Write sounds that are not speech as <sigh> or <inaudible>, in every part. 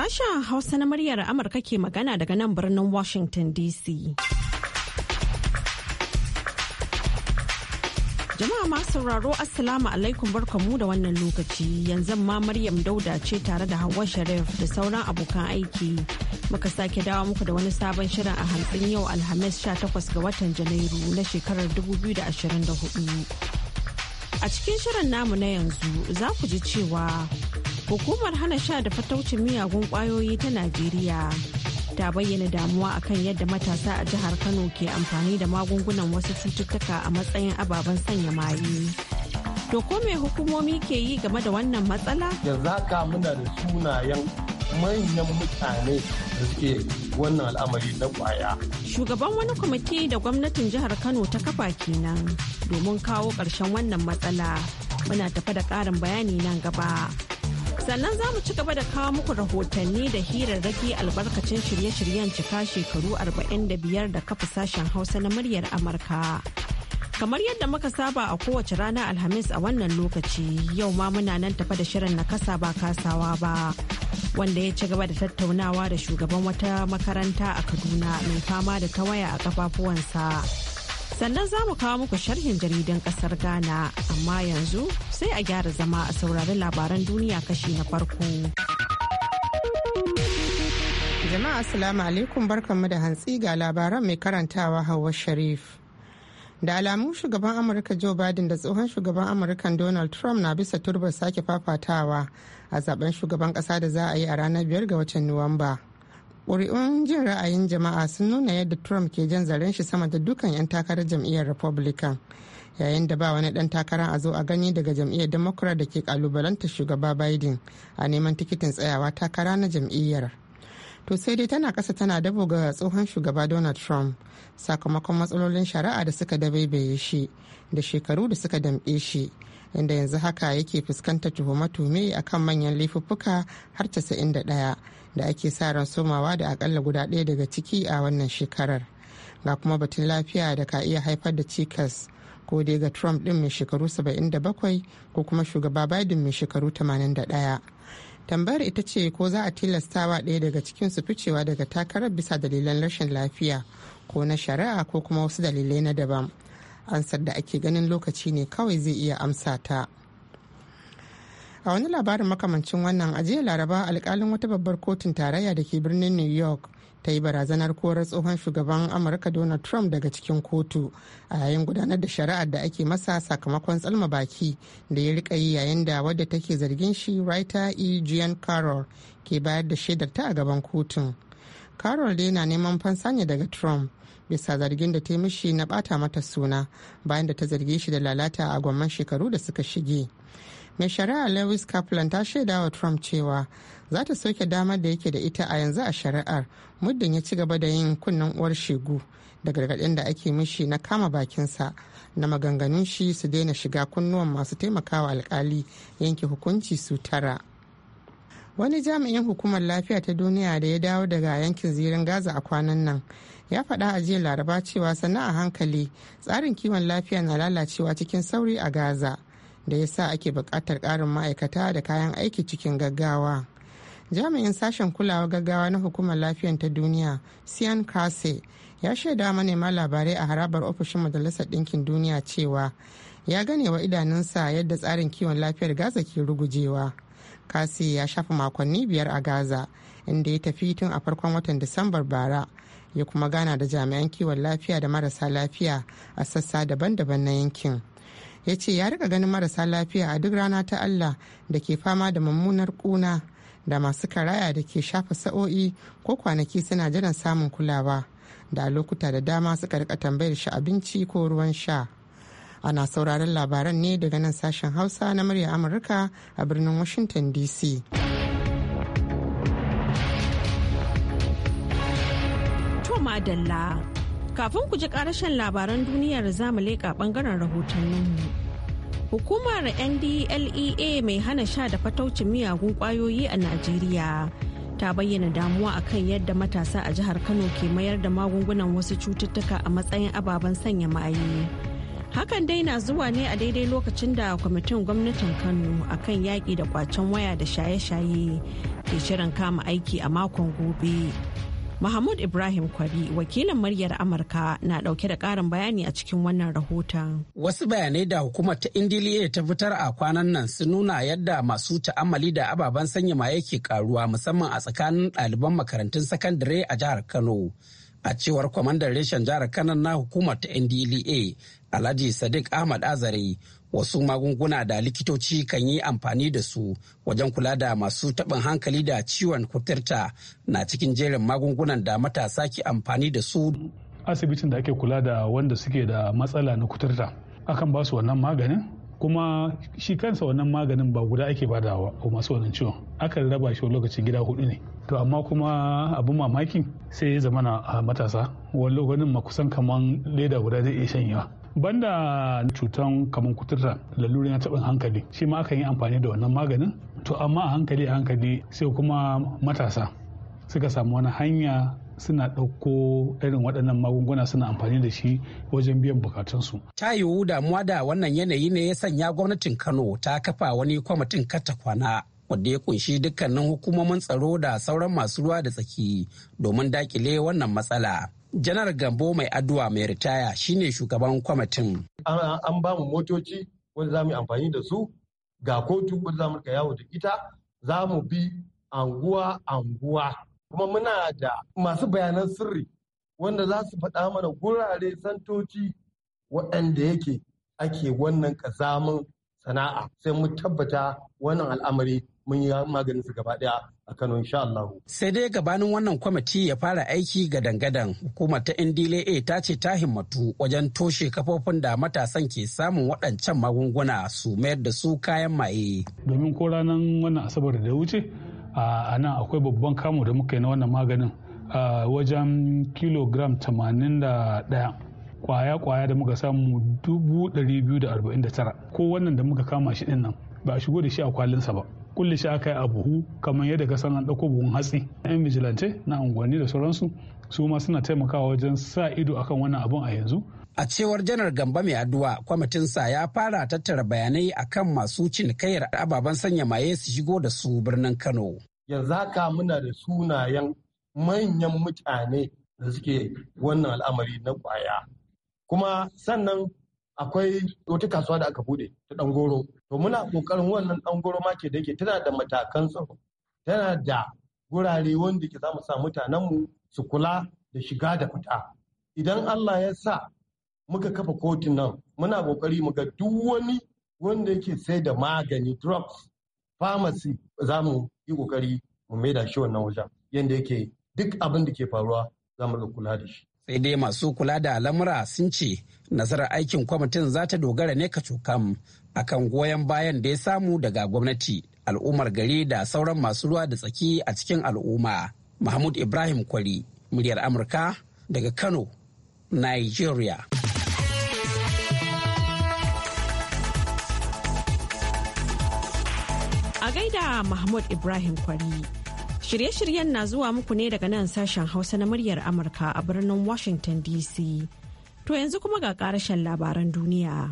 Sashen Hausa na muryar Amurka ke magana daga nan birnin Washington DC. Jama'a masu sauraro Assalamu alaikum barkamu da wannan lokaci yanzu ma Maryam Dauda ce tare da Hauwa Sharif da sauran abokan aiki. Muka sake dawo muku da wani sabon shirin a hantsin yau Alhamis 18 ga watan Janairu na shekarar 2024. A cikin shirin namu na yanzu za ku ji cewa Hukumar hana sha da fataucin miyagun kwayoyi ta Najeriya ta bayyana damuwa akan yadda matasa a jihar Kano ke amfani da magungunan wasu cututtuka a matsayin ababen sanya maye. To ko me hukumomi ke yi game da wannan matsala? za ka muna da sunayen manyan mutane da suke wannan al'amari na kwaya. Shugaban wani kwamiti da gwamnatin jihar Kano ta kafa kenan domin kawo ƙarshen wannan matsala. Muna tafa da ƙarin bayani nan gaba. sannan za mu ci gaba da kawo muku rahotanni da hirarraki albarkacin shirye-shiryen cika shekaru 45 da kafa sashen hausa na muryar amurka kamar yadda muka saba a kowace rana alhamis a wannan lokaci yau ma muna nan tafa da shirin na kasa ba kasawa ba wanda ya ci gaba da tattaunawa da shugaban wata makaranta a kaduna mai fama da tawaya a kafafuwansa. sannan za mu kawo muku sharhin jaridan kasar ghana amma yanzu sai a gyara zama a saurari labaran duniya kashi na farko jama'a assalamu alaikum barkanmu da hantsi ga labaran mai karantawa hawa sharif da alamu shugaban amurka joe biden da tsohon shugaban amurka donald trump na bisa turbar sake fafatawa a zaben shugaban kasa da za a yi a ranar biyar ga watan nuwamba ƙuri'un jin ra'ayin jama'a sun nuna yadda trump ke jan zaren shi sama da dukan 'yan takarar jam'iyyar republican yayin da ba wani dan takara a zo a gani daga jam'iyyar democrat da ke kalubalanta shugaba biden a neman tikitin tsayawa takara na jam'iyyar to sai dai tana kasa tana dabo ga tsohon shugaba donald trump sakamakon matsalolin shari'a da suka dabaibaye shi da shekaru da suka damƙe shi inda yanzu haka yake fuskantar tuhume-tuhume akan manyan laifuffuka har 91 da ake sa ran somawa da akalla guda ɗaya daga ciki a wannan shekarar ga kuma batun lafiya da ka iya haifar da cikas ko dai ga trump ɗin mai shekaru 77 ko kuma shugaba biden mai shekaru 81 tambayar ita ce ko za a tilastawa ɗaya daga cikin su ficewa daga takarar bisa dalilan rashin lafiya ko na shari'a ko kuma wasu dalilai na daban ansar da ake ganin lokaci ne kawai zai iya amsa ta. a wani labarin makamancin wannan a jiya laraba alkalin wata babbar kotun tarayya da ke birnin new york ta yi barazanar korar tsohon shugaban amurka donald trump daga cikin kotu a yayin gudanar da shari'ar da ake masa sakamakon tsalma baki da ya rika yi yayin da wadda take zargin shi writer e jean carroll ke bayar da shaidar ta a gaban kotun carroll dai na neman fansanya daga trump bisa zargin da ta mishi na bata mata suna bayan da ta zarge shi da lalata a gwamman shekaru da suka shige mai shari'a lewis kaplan ta shaida wa trump cewa za ta soke damar da yake da ita a yanzu a shari'ar muddin ya ci gaba da yin kunnen uwar shegu da gargaɗin da ake mishi na kama bakinsa na maganganun shi su daina shiga kunnuwan masu taimakawa alkali yanke hukunci su tara wani jami'in hukumar lafiya ta duniya da ya dawo daga yankin zirin gaza a kwanan nan ya faɗa a jiya laraba cewa sana'a hankali tsarin kiwon lafiya na lalacewa cikin sauri a gaza da ya sa ake buƙatar ƙarin ma'aikata da kayan aiki cikin gaggawa jami'in sashen kulawa gaggawa na hukumar lafiyar ta duniya sian kase ya shaida manema labarai a harabar ofishin majalisar ɗinkin duniya cewa ya gane wa idanunsa yadda tsarin kiwon lafiyar gaza ke rugujewa kase ya shafa makonni biyar a gaza inda ya tafi tun a farkon watan disambar bara ya kuma gana da jami'an kiwon lafiya da marasa lafiya a sassa daban-daban na yankin ya ce ya rika ganin marasa lafiya a duk rana ta allah da ke fama da mummunar kuna da masu karaya da ke shafa sa'o'i ko kwanaki suna jiran samun kulawa da lokuta da dama suka rika tambayar shi abinci ko ruwan sha ana sauraron labaran ne daga nan sashen hausa na murya amurka a birnin washington dc madalla Kafin ku ji karashen labaran duniyar zamu leƙa ɓangaren rahotanninmu. Hukumar NDLEA mai hana sha da fataucin miyagun ƙwayoyi a Najeriya ta bayyana damuwa akan yadda matasa a jihar Kano ke mayar da magungunan wasu cututtuka a matsayin ababen sanya maye. Hakan dai na zuwa ne a daidai lokacin da kwamitin gwamnatin Kano akan yaƙi da kwacen waya da shaye-shaye ke shirin kama aiki a makon gobe. Mahmud Ibrahim Kwari wakilin muryar Amurka na dauke da karin bayani a cikin wannan rahoton. Wasu bayanai da hukumar ta Indiliya ta fitar a kwanan nan sun nuna yadda masu ta'ammali da ababen sanya maye ke karuwa musamman a tsakanin ɗaliban makarantun sakandare a jihar Kano. A cewar kwamandan reshen jihar Kano na hukumar ta NDLEA Alhaji Sadiq Ahmad Azare wasu magunguna da likitoci kan yi amfani da su wajen kula da masu taɓin hankali da ciwon kuturta na cikin jerin magungunan da matasa ke amfani da su asibitin da ake kula da wanda suke da matsala na kuturta akan ba su wannan maganin kuma shi kansa wannan maganin ba guda ake badawa ko masu wannan ciwon akan raba shi lokacin gida hudu ne to amma kuma abin mamaki sai ya zama na matasa wani lokacin ma kusan kaman leda guda zai iya shanyewa banda cutan kamar kuturta lalura na taɓin hankali shi ma aka yi amfani da wannan maganin to amma a hankali a hankali sai kuma matasa suka samu wani hanya suna ɗauko irin waɗannan magunguna suna amfani da shi wajen biyan bukatunsu. Ta yiwu damuwa da wannan yanayi ne ya sanya gwamnatin Kano ta kafa wani kwamitin kata kwana wanda ya kunshi dukkanin hukumomin tsaro da sauran masu ruwa da tsaki domin dakile wannan matsala. janar gambo mai addu'a mai ritaya shine shugaban kwamitin an ba mu motoci wanda za mu amfani da su ga kotu wanda za mu rika yawo da ita za mu bi anguwa anguwa kuma muna da masu bayanan sirri wanda za su faɗa mana gurare santoci waɗanda yake ake wannan ƙazamin sana'a sai mu tabbata wannan al'amari mun yi maganin su gaba daya a Kano insha Allah. Sai dai gabanin wannan kwamiti ya fara aiki ga dangadan hukumar ta NDLA ta ce ta himmatu wajen toshe kafofin da matasan ke samun waɗancan magunguna su mayar da su kayan maye. Domin ko ranar wannan asabar da wuce a nan akwai babban kamu da muka yi na wannan maganin wajen kilogram ɗaya kwaya-kwaya da muka samu dubu 249 ko wannan da muka kama shi ɗinnan ba a shigo da shi a kwalinsa ba kulle shi aka yi a buhu kamar yadda ka san an ɗauko buhun hatsi yan vigilante na unguwanni da sauransu su ma suna taimakawa wajen sa ido akan wannan abun a yanzu a cewar janar gamba mai addu'a kwamitinsa ya fara tattara bayanai akan masu cinikayyar ababen sanya maye su shigo da su birnin kano yanzu haka muna da sunayen manyan mutane da suke wannan al'amari na kwaya kuma sannan akwai wata kasuwa da aka bude ta ɗan to muna kokarin wannan dan goro ke da yake tana da matakan tsaro tana da gurare wanda ke zamu sa mutanen mu su kula da shiga da fita idan Allah ya sa muka kafa kotun nan muna kokari mu ga duk wani wanda yake sai da magani drugs pharmacy zamu yi kokari mu maida shi wannan wajen yanda yake duk abin da ke faruwa zamu mu kula da shi sai dai masu kula da lamura sun ce nasarar aikin kwamitin za ta dogara ne ka kacokam akan goyon bayan da ya samu daga gwamnati al'ummar gari da sauran masu ruwa da tsaki a cikin al'umma mahmud ibrahim kwari muryar amurka daga kano nigeria a gaida mahmud ibrahim kwari Shirye-shiryen na zuwa muku ne daga nan sashen Hausa na muryar Amurka a birnin Washington DC. To yanzu kuma ga karashen labaran duniya.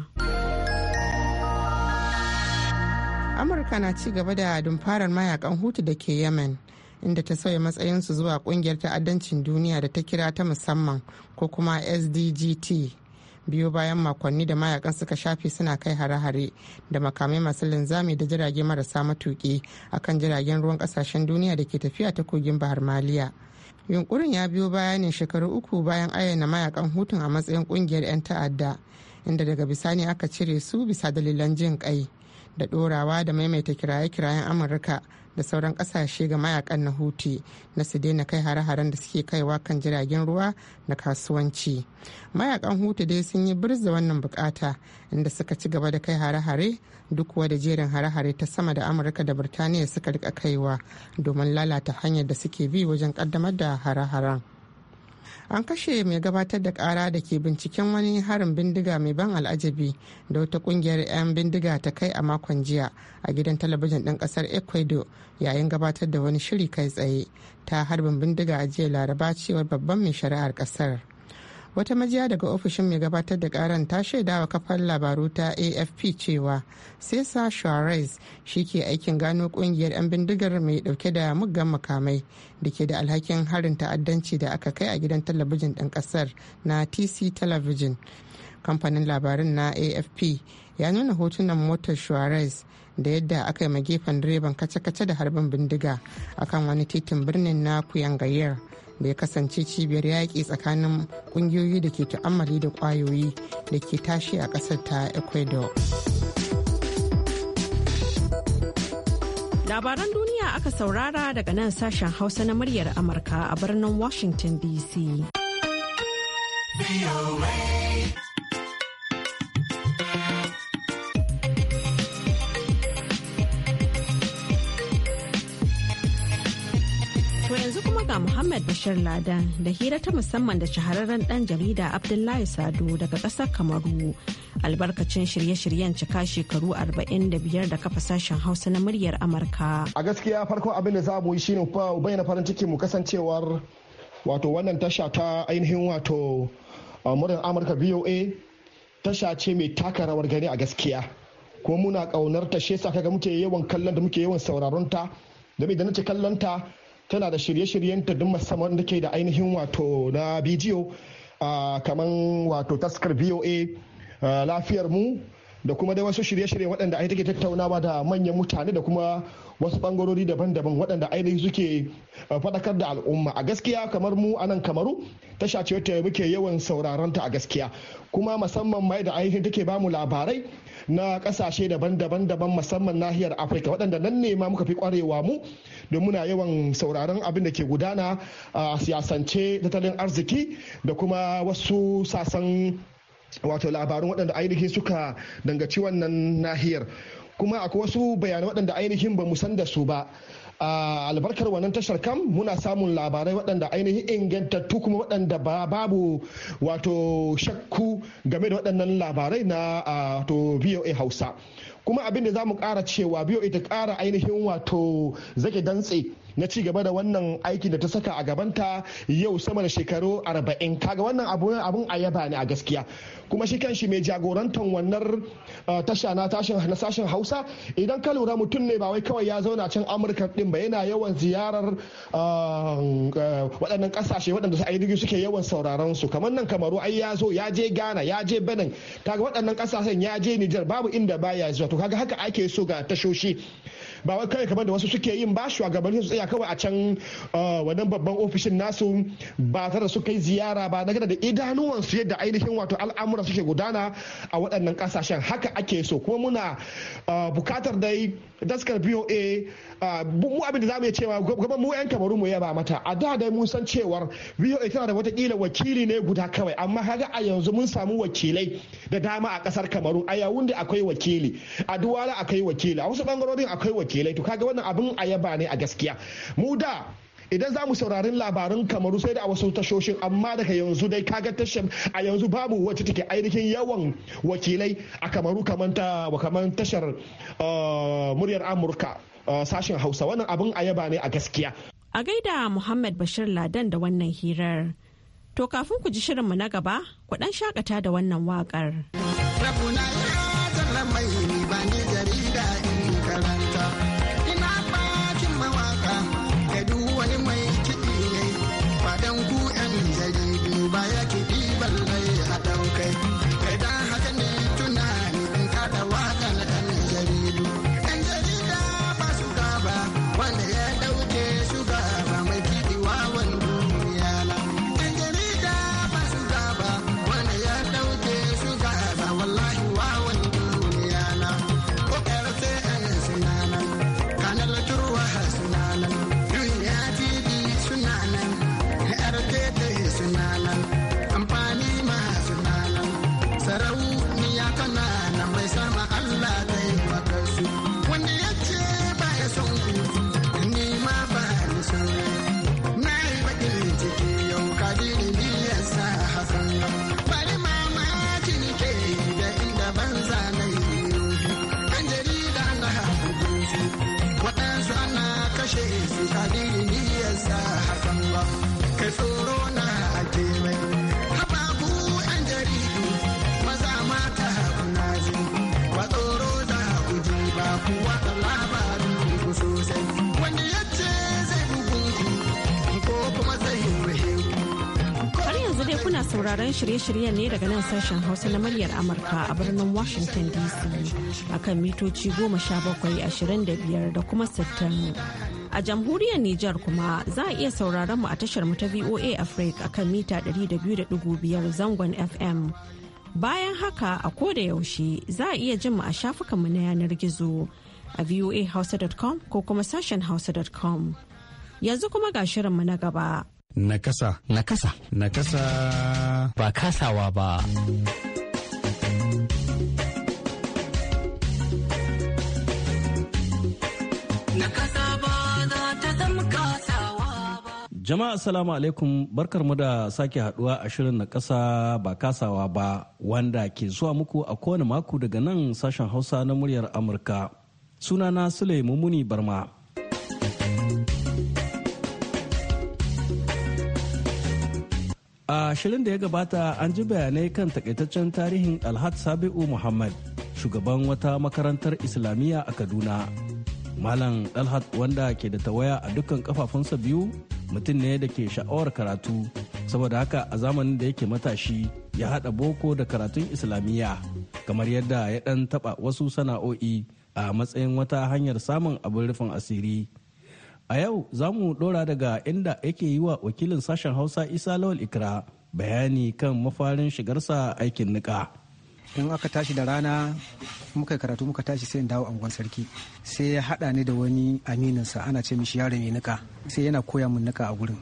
Amurka na ci gaba da dumfarar mayakan hutu da ke Yemen. inda ta sauya matsayinsu zuwa kungiyar ta'addancin duniya da ta kira ta musamman ko kuma sdgt biyo bayan makonni da mayakan suka shafe suna kai hare-hare da makamai masu linzami da jirage marasa a kan jiragen ruwan kasashen duniya da ke tafiya ta kogin bahar maliya yunkurin ya biyo bayanin shekaru uku bayan ayyana mayakan hutun a matsayin kungiyar 'yan ta'adda inda daga bisani aka cire su bisa dalilan jin ƙai. da dorawa da maimaita kiraye-kirayen amurka da sauran kasashe ga mayakan na huti na su daina kai hare-haren da suke kaiwa kan jiragen ruwa na kasuwanci mayakan huti dai sun yi birza wannan bukata inda suka ci gaba da kai hare-hare duk da jerin hare-hare ta sama da amurka da birtaniya suka rika kaiwa domin lalata hanyar da suke bi wajen kaddamar da hare-haren an kashe mai gabatar da kara da ke binciken wani harin bindiga mai ban al'ajabi da wata kungiyar 'yan bindiga ta kai a makon jiya a gidan talabijin ɗin ƙasar ecuador yayin gabatar da wani shiri kai tsaye ta harbin bindiga a jiya laraba cewar babban mai shari'ar ƙasar wata majiya daga ofishin mai gabatar da karan ta shaidawa kafar labaru ta afp cewa cesar suarez shi ke aikin gano kungiyar 'yan bindigar mai dauke da muggan makamai da ke da alhakin harin ta'addanci da aka kai a gidan talabijin ɗin ƙasar na tc television kamfanin labarin na afp ya nuna hotunan motar suarez da yadda aka yi gefen direban kace-kace da harbin bindiga akan wani titin birnin na kuyangayar bai kasance cibiyar yaƙi tsakanin ƙungiyoyi da ke ta'ammali da ƙwayoyi da ke tashi a ƙasar ta ecuador labaran duniya aka saurara daga nan sashen hausa na muryar amurka a birnin washington dc A Muhammad Bashir Ladan da hira ta musamman da shahararren ɗan jarida Abdullahi sadu daga ƙasar Kamaru. Albarkacin shirye-shiryen cika shekaru 45 da kafa sashen Hausa na muryar Amurka. A gaskiya farko abin da za mu yi shine bayyana farin ciki mu kasancewar wato wannan tasha ta ainihin wato muryar Amurka VOA tasha ce mai taka rawar gani a gaskiya. Ko muna ƙaunar ta shi yasa kaga muke yawan kallon da muke yawan sauraron ta. Da na ce kallon ta tana da shirye-shiryenta shiryen duk musamman da ke da ainihin wato na bidiyo kamar wato taskar voa lafiyar mu da kuma da wasu shirye-shirye waɗanda ai take tattaunawa da manyan mutane da kuma wasu bangarori daban-daban waɗanda ainihi suke eh, faɗakar da al'umma a gaskiya kamar mu a nan kamaru tasha ce ta muke yawan sauraron ta a gaskiya kuma musamman mai da ainihin take bamu labarai na ƙasashe daban-daban daban musamman nahiyar afirka waɗanda nan ne ma muka fi kwarewa mu don muna yawan sauraron abin da ke gudana a siyasance tattalin arziki da kuma wasu sasan wato labarun waɗanda ainihin suka dangaci wannan nahiyar kuma akwai wasu bayanai waɗanda ainihin ba mu san da su ba a albarkar wannan tashar kam muna samun labarai waɗanda ainihin ingantattu kuma waɗanda babu wato shakku game da waɗannan labarai na to voa hausa kuma abin da za mu kara cewa voa ta kara ainihin wato zage dantse na ci gaba da wannan aikin da ta saka a gabanta yau sama da shekaru arba'in kaga wannan abun a yaba ne a gaskiya kuma shi kan shi mai jagorantar wannan uh, tasha na sashen hausa idan ka lura mutum ne ba wai kawai ya zauna can amurka din ba yana yawan ziyarar uh, uh, waɗannan ƙasashe waɗanda su ainihi suke yawan sauraron su kamar nan kamaru ai ya zo ya je ghana ya je benin kaga waɗannan ƙasashen ya je nijar babu inda baya zuwa to kaga haka ake so ga tashoshi ba wai kawai kamar da wasu suke yin ba shugabanni su tsaya kawai a can uh, wannan babban ofishin nasu ba tare da su kai ziyara ba na da idanuwan su yadda ainihin wato al'amura suke gudana a waɗannan kasashen haka ake so kuma muna uh, bukatar dai daskar BOA uh, mu abin da za mu iya cewa gaban mu 'yan kamaru mu yaba mata a da dai mun san cewar BOA tana da watakila wakili ne guda kawai amma kaga a yanzu mun samu wakilai da dama a kasar kamaru a yawun da akwai wakili a duwala akwai wakili a wasu bangarorin akwai wakili wakilai to kaga wannan abin ayaba ne a gaskiya mu da idan za mu saurarin labarin kamaru sai da a wasu tashoshin amma daga yanzu dai kaga tashar a yanzu babu wacce take ainihin yawan wakilai a kamaru kamar tashar uh, muryar amurka uh, sashen hausa wannan abin ayaba ne a gaskiya a gaida muhammad bashir ladan da wannan hirar to kafin ku ji shirinmu na gaba ku dan shakata da wannan wakar. sauraron shirye-shiryen ne daga nan sashen Hausa na muryar Amurka a birnin Washington DC akan mitoci 1725 da kuma 60. A jamhuriyar Nijar kuma za a iya sauraron mu a tashar mu ta VOA Africa akan mita 200.5 zangon FM. Bayan haka a koda yaushe za a iya jin mu a shafukanmu na yanar gizo a voahausa.com ko kuma sashen hausa.com. Yanzu kuma ga shirinmu na gaba. Nakasa. Nakasa. Nakasa. Ba kasawa ba. Jama'a Assalamu alaikum mu da sake haduwa a shirin na kasa ba kasawa ba wanda ke zuwa muku a kowane mako daga nan sashen Hausa na muryar Amurka. Sunana Sule Mumuni Barma. a shirin da ya gabata an ji bayanai kan takaitaccen tarihin alhad sabi'u muhammad shugaban wata makarantar islamiyya a kaduna malam alhad wanda ke da tawaya a dukkan kafafunsa biyu mutum ne da ke sha'awar karatu saboda haka a zamanin da yake matashi ya haɗa boko da karatun islamiyya kamar yadda ya ɗan taɓa wasu sana'o'i a matsayin wata hanyar samun abin rufin asiri A yau za mu ɗora daga inda yake yi wa wakilin sashen Hausa Isa Lawal Ikra bayani kan mafarin shigarsa aikin niƙa. In aka tashi da rana muka karatu muka tashi sai in dawo angon sarki sai ya haɗa ni da wani amininsa ana ce mishi yaro mai niƙa sai yana koya mun niƙa a gurin.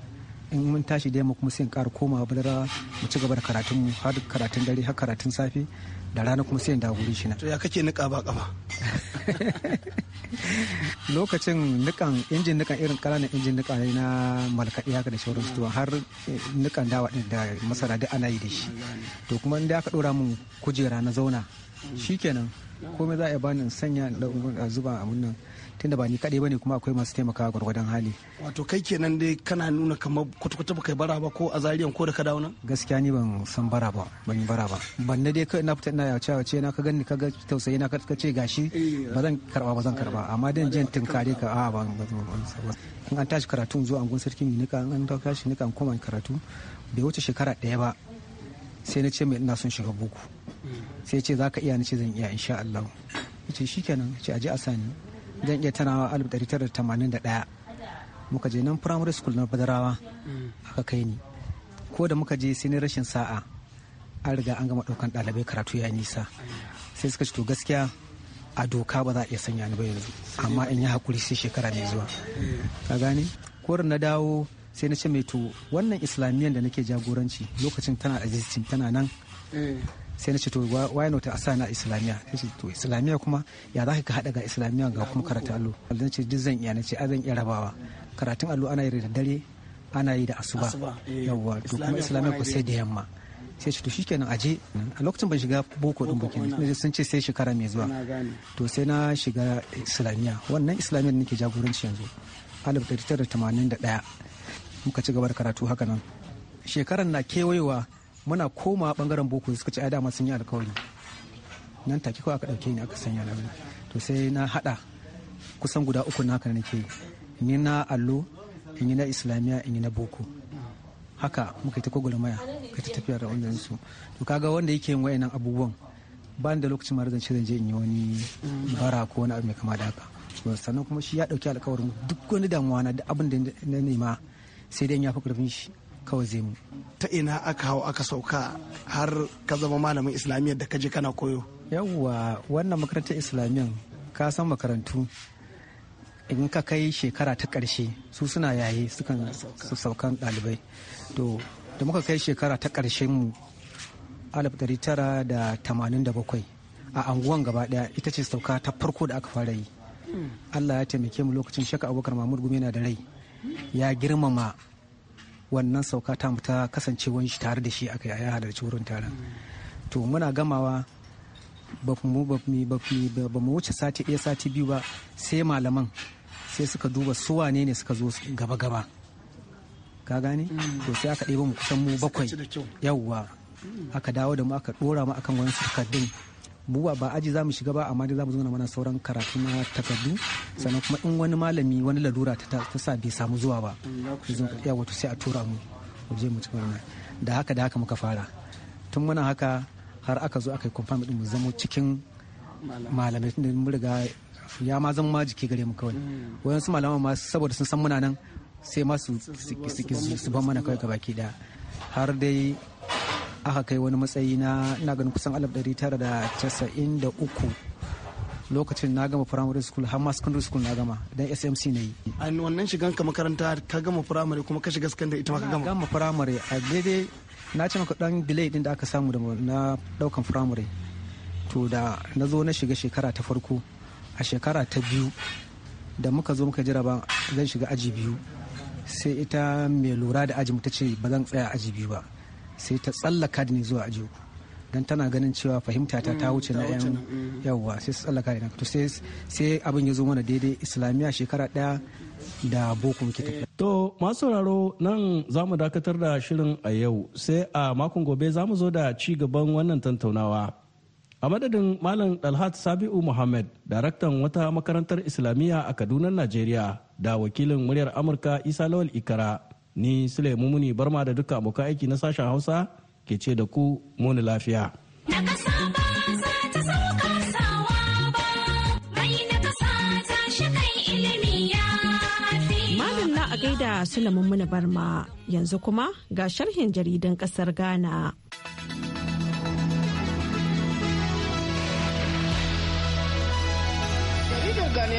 in mun tashi da yamma kuma sai in ƙara komawa madara mu ci gaba da karatun mu har karatun dare har karatun safe da rana kuma sai in dawo gurin shi na. To ya kake niƙa ba kama? <laughs> lokacin nikan injin nikan irin kananan injin nuka ne na malkaɗi haka da shauransu to har eh, nikan dawa ɗin da masara duk ana yi da shi to kuma inda aka ɗora mun kujera na zauna shikenan komai za a bani in sanya a zuba a nan tunda ba ni kaɗai bane kuma akwai masu taimakawa gwargwadon hali wato kai kenan dai kana nuna kamar kwatakwata ba kai bara ba ko a zariyan ko da ka dawo nan gaskiya ni ban san bara ba ban yi bara ba ban na dai na fita ina yawace wuce na ka gani ka ga tausayi na ka ce gashi eh. ba zan karba ba zan karba amma dan jin tinkare ka a ban in an tashi karatu zuwa angon sarkin nika an tashi nika an koma karatu bai wuce shekara ɗaya ba sai na ce mai ina son shiga boko hmm. sai ce za ka iya ni ce zan iya insha Allah ce shikenan ce aje a sani jan iya tanawa 1981 muka je nan primary school na badarawa aka kai ni ko da muka je sai ni rashin sa'a an riga an gama ɗaukan ɗalibai karatu ya nisa sai suka ci to gaskiya a doka ba za a iya sanya ni ba yanzu amma in yi hakuri sai shekara mai zuwa ka gane korin na dawo sai na ce mai to wannan islamiyyar da nake jagoranci lokacin tana a tana nan sai na ce to why not a sa islamiya sai ce to islamiyya kuma ya za ka haɗa ga islamiyya ga kuma karatu allo na ce duk zan iya na ce a zan iya rabawa karatun allo ana yi da dare ana yi da asuba eh. yawwa to kuma islamiyya ko sai da yamma sai ce to shikenan aje a lokacin ban shiga boko din ba kenan sun ce sai shekara mai zuwa to sai na shiga islamiyya wannan islamiya nake jagoranci yanzu 1981 muka ci gaba da karatu haka nan Shekaran na kewayewa muna komawa bangaren boko suka ci dama sun yi alkawari nan take kawai aka dauke ni aka sanya na wani to sai na hada kusan guda uku na haka nake ni na allo in yi na islamiya in yi na boko haka muka yi ta maya ka ta tafiya da wanda su to kaga wanda yake yin wayannan abubuwan ba da lokacin mara zan je in yi wani bara ko wani abu mai kama da haka sannan kuma shi ya dauki alkawarin duk wani damuwa na da abin da na nema sai dai ya fi karfin shi kawai zai mu ta ina aka hau aka sauka har ka zama malamin islamiyyar da ka je kana koyo yawwa wannan makarantar islamiyyar ka san makarantu in ka kai shekara ta ƙarshe su suna yaye sukan su saukan ɗalibai to da muka kai shekara ta ƙarshen mu da bakwai a anguwan gaba daya ita ce sauka ta farko da aka fara yi hmm. allah ya taimake mu lokacin shaka abubakar mahmud gumi na da rai ya girmama wannan sauka ta mu ta kasancewan shi tare da shi aka yi halarci wurin taron to muna gamawa ba mu wuce sati ɗaya sati biyu ba sai malaman sai suka duba su wane ne suka zo gaba gaba ka gane mm. to sai aka ɗeba mu kusan mu bakwai yawwa aka dawo da mu aka ɗora mu akan wani takardun mu ba aji za mu shiga ba amma dai mu zauna mana sauran karatu na takardu sannan kuma in wani malami wani lalura ta sa bai samu zuwa ba ya wato sai a tura mu mu je mu ci da haka da haka muka fara tun muna haka har aka zo aka yi confirm din mu zamo cikin malamai tun da mun riga ya ma zama ma jiki gare mu kawai su malaman ma saboda sun san muna nan sai ma su ban mana kawai gabaki daya har dai aka kai wani matsayi na na ganin kusan uku lokacin na gama primary school har ma secondary school na gama dan SMC na yi. A wannan shigan ka makaranta ka gama primary kuma ka shiga secondary ita ma ka gama. Na Gama primary a daidai na ce maka dan delay din da aka samu da na daukan primary. To da na zo na shiga shekara ta farko a shekara ta biyu da muka zo muka jira ba zan shiga aji biyu sai ita mai lura da aji mu ta ce ba zan tsaya aji biyu ba sai ta tsallaka da ni zuwa aji don tana ganin cewa fahimta ta ta mm, wuce na yan mm. yawwa sai su tsallaka da to sai abin ya zo mana daidai islamiyya shekara daya da boko muke tafiya. To masu sauraro nan za mu dakatar da shirin a yau sai a makon gobe za mu zo da ci gaban wannan tantaunawa. A madadin Malam Dalhat Sabi'u Muhammad, daraktan wata makarantar Islamiyya a Kaduna, Najeriya, da wakilin muryar Amurka Isa Lawal Ikara, ni Sulaimu Muni Barma da duka abokan aiki na sashen Hausa ke ce da ku muni lafiya. Malam na a gaida Sulaimu Muni Barma yanzu kuma ga sharhin jaridan kasar Ghana.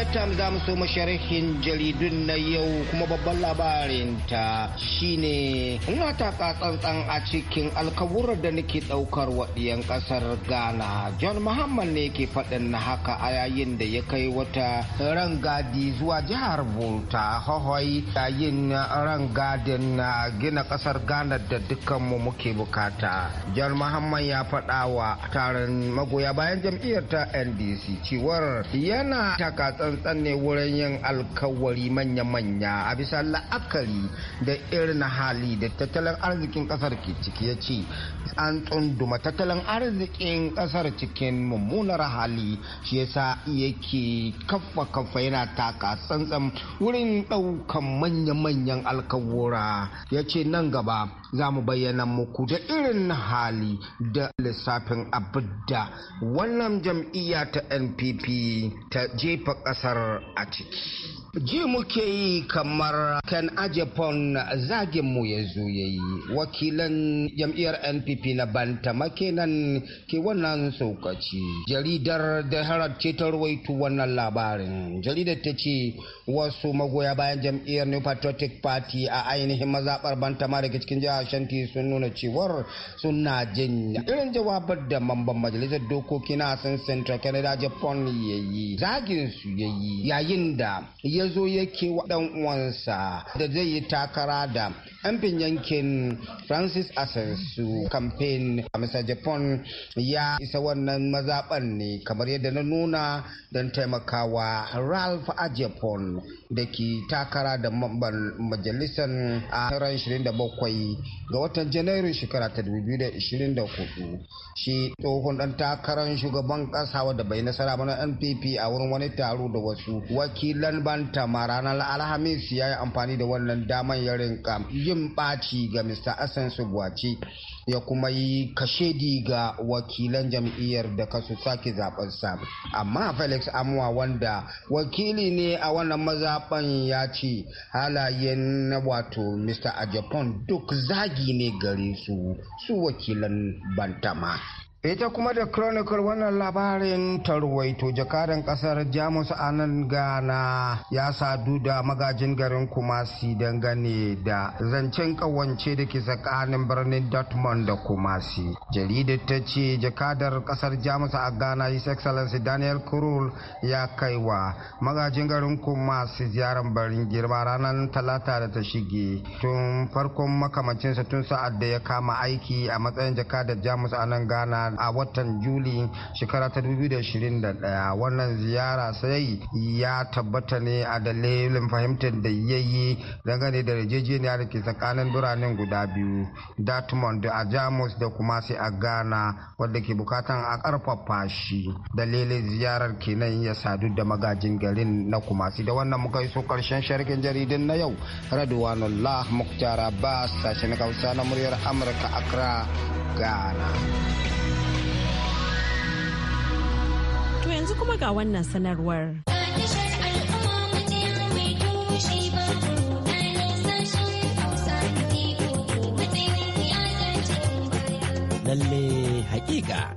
wannan za mu so masharihin jaridun na yau kuma babban labarin ta shine ina taka tsantsan a cikin alkaburar da nake daukar waɗiyan ƙasar Ghana. John Muhammad ne ke faɗin na haka a yayin da ya kai wata rangadi zuwa jihar Volta hohoi yayin rangadin na gina ƙasar Ghana da dukkanmu muke bukata. John Muhammad ya faɗa wa taron magoya bayan jam'iyyar ta NDC cewar yana taka tsantsan ne wurin yin alkawari manya-manya a bisa la'akari da irin hali da tattalin arzikin kasar ke ciki ya ce an tsunduma tattalin arzikin kasar cikin mummunar hali shi yasa yake kafa kafa yana taka tsantsan wurin ɗaukan manya-manyan alkawura ya ce nan gaba za mu bayyana muku da irin hali da lissafin abinda wannan jam'iyya ta npp ta jefa kasar a ciki ji muke yi kamar kan ajefon zagin mu ya zo ya yi wakilan jam'iyyar npp na bantama kenan ke wannan saukaci jaridar da harar ce ta wannan labarin jaridar ta ce wasu magoya bayan jam'iyyar new patriotic party a ainihin mazaɓar bantama daga cikin jihar shanti sun nuna cewar suna jin irin jawabar da mamban majalisar dokoki na sun central canada japan ya yi zagin su ya yi yayin da ya ya zo yake wa uwansa da zai yi takara da Kamfin yankin Francis Asensu kamfen a Mr. Japan ya isa wannan mazaɓan ne kamar yadda na nuna don taimakawa Ralph a Japan da ke takara da majalisar a ran 27 ga watan Janairun shekara ta 2024. Shi tsohon ɗan takarar shugaban ƙasa wadda bai nasara mana NPP a wurin wani taro da wasu wakilan banta ranar Alhamis ya yi amfani da wannan damar yarinka. yin ɓaci ga Mr. Asensu Buwaci ya kuma yi kashedi ga wakilan jam'iyyar da kasu sake sa Amma Felix Amuwa wanda wakili ne a wannan mazaɓan ya ce halayen na wato Mr. a Japan duk zagi ne gare su su wakilan Bantama. ita kuma da chronicle wannan labarin tarwaito jakadan kasar jamus a nan ghana ya sadu da magajin garin kumasi dangane da zancen kawance da ke tsakanin birnin dortmund da kumasi jaridar ta ce jakadar kasar jamus a ghana his excellency daniel kurul ya kaiwa magajin garin kumasi ziyarar barin girma ranar talata da ta shige tun farkon makamancinsa tun sa'ad da ya kama aiki a matsayin jakadar jamus a nan ghana a watan Juli shekara ta daya wannan ziyara sai ya tabbata ne a dalilin fahimtar da ya yi dangane da yarjejeniya da ke tsakanin biranen guda biyu Dortmund a Jamus da kuma sai a Ghana wadda ke bukatan a karfafa shi dalilin ziyarar kenan ya sadu da magajin garin na Kumasi da wannan muka yi so karshen sharkin jaridun na yau Radwanullah Muktar Abbas sashen Hausa na muryar Amurka Accra Ghana. yanzu kuma ga wannan sanarwar. Lalle hakika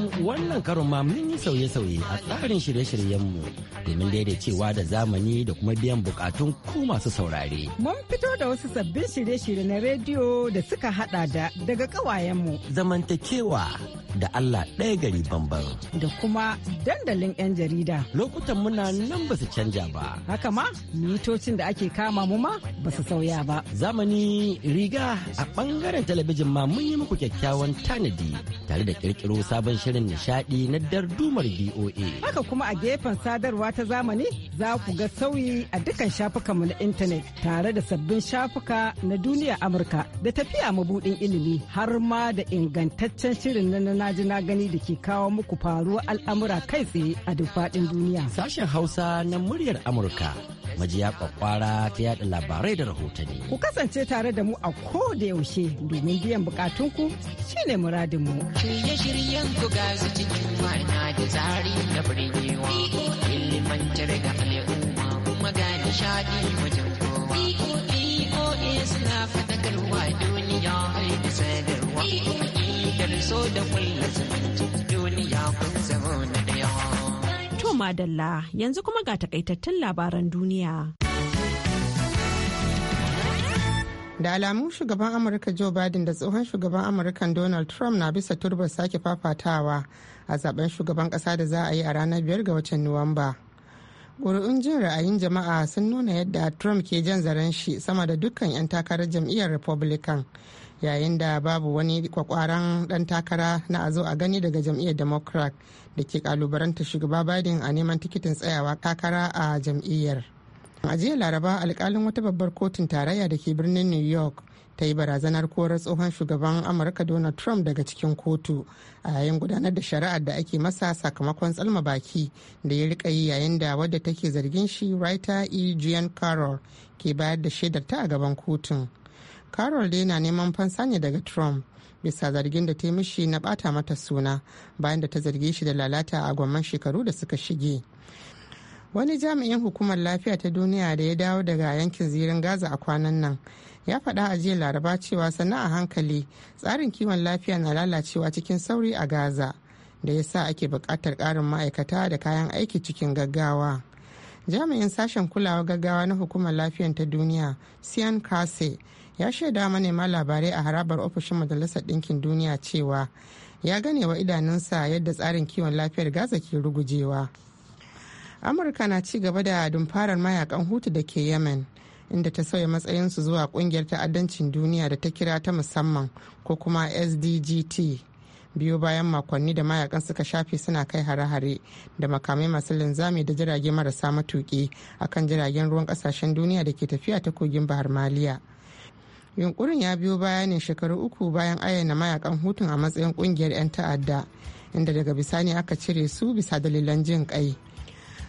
wannan karon ma mun yi sauye-sauye a tsarin shirye-shiryenmu domin daidaicewa da zamani da kuma biyan bukatun ku masu saurare. Mun fito da wasu sabbin shirye-shirye na rediyo da suka hada da daga kawayenmu. Zamantakewa da Allah ɗaya gari bambam. Da kuma dandalin 'yan jarida. Lokutan muna nan ba su canja ba. Haka ma mitocin da ake kama mu ma ba su sauya ba. Zamani riga a ɓangaren talabijin ma mun yi muku kyakkyawan tanadi tare da ƙirƙiro sabon shirin nishadi na dardumar BOA. Haka kuma a gefen sadarwa ta zamani za ku ga sauyi a dukkan shafukanmu na intanet tare da sabbin shafuka na duniya Amurka da tafiya mabudin ilimi har ma da ingantaccen shirin na naji na gani da ke kawo muku faruwar al'amura kai tsaye a duk faɗin duniya. Sashen Hausa na muryar Amurka majiya kwakwara ta yada labarai da rahotanni. Ku kasance tare da mu a ko da yaushe domin biyan bukatunku shine muradinmu. Shirye-shiryen ku su cikin ma'ana da tsari da birgewa ilimantar da al'umma kuma ga nishadi wajen kowa BOA e suna fadakarwa duniya har da sadarwa idar da kulla zumunci duniya kun zama na daya. To madalla yanzu kuma ga takaitattun labaran duniya. da alamun shugaban amurka joe biden da tsohon shugaban amurka donald trump na bisa turbar sake fafatawa a zaben shugaban kasa da za a yi a ranar biyar ga watan nuwamba ƙuri'un jin ra'ayin jama'a sun nuna yadda trump ke jan zaren shi sama da dukkan 'yan takarar jam'iyyar republican yayin da babu wani kwakwaran dan takara na a zo a gani daga jam'iyyar democrat da ke kalubaranta shugaba biden a neman tikitin tsayawa takara a jam'iyyar. a jiya laraba alkalin wata babbar kotun tarayya da ke birnin new york ta yi barazanar korar tsohon shugaban amurka donald trump daga cikin kotu a yayin gudanar da shari'ar da ake masa sakamakon tsalma baki da ya rika yi yayin da wadda take zargin shi writer e jean carroll ke bayar da shaidar ta a gaban kotun carroll dai na neman fansa ne daga trump bisa zargin da ta yi mishi na bata mata suna bayan da ta zarge shi da lalata a gwamman shekaru da suka shige wani jami'in hukumar lafiya ta duniya da ya dawo daga yankin zirin gaza a kwanan nan ya faɗa a jiya laraba cewa sana a hankali tsarin kiwon lafiya na lalacewa cikin sauri a gaza da ya sa ake buƙatar ƙarin ma'aikata da kayan aiki cikin gaggawa jami'in sashen kulawa gaggawa na hukumar lafiyar ta duniya sian kase ya shaida manema labarai a harabar ofishin majalisar ɗinkin duniya cewa ya gane wa idanunsa yadda tsarin kiwon lafiyar gaza ke rugujewa amurka na ci gaba da dumfarar mayakan hutu da ke yemen inda ta sauya matsayin su zuwa kungiyar ta'addancin duniya da ta kira ta musamman ko kuma sdgt biyu bayan makonni da mayakan suka shafe suna kai hare-hare da makamai masu linzami da jirage marasa matuki akan jiragen ruwan kasashen duniya da ke tafiya ta kogin bahar maliya yunkurin ya biyo baya ne shekaru uku bayan ayyana mayakan hutun a matsayin kungiyar 'yan ta'adda inda daga bisani aka cire su bisa dalilan jin kai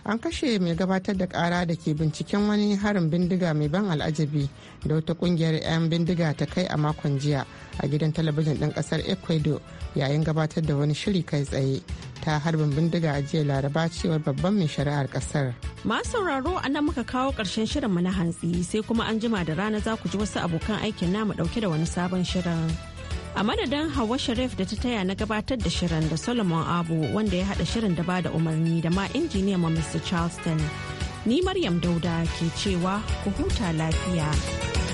an kashe mai gabatar da kara da ke binciken wani harin bindiga mai ban al'ajabi da wata kungiyar 'yan bindiga ta kai a makon jiya a gidan talabijin ɗin ƙasar ecuador yayin gabatar da wani shiri kai tsaye ta harbin bindiga a jiya laraba cewar babban mai shari'ar ƙasar. masu sauraro a nan muka kawo ƙarshen shirin mu na hantsi sai kuma an jima da rana za ku ji wasu abokan aikin namu ɗauke da wani sabon shirin. a madadin hawa sharif da ta taya na gabatar da shirin da solomon abu wanda ya hada shirin da ba da umarni da ma injiniya ma mr charleston ni maryam dauda ke cewa ku huta lafiya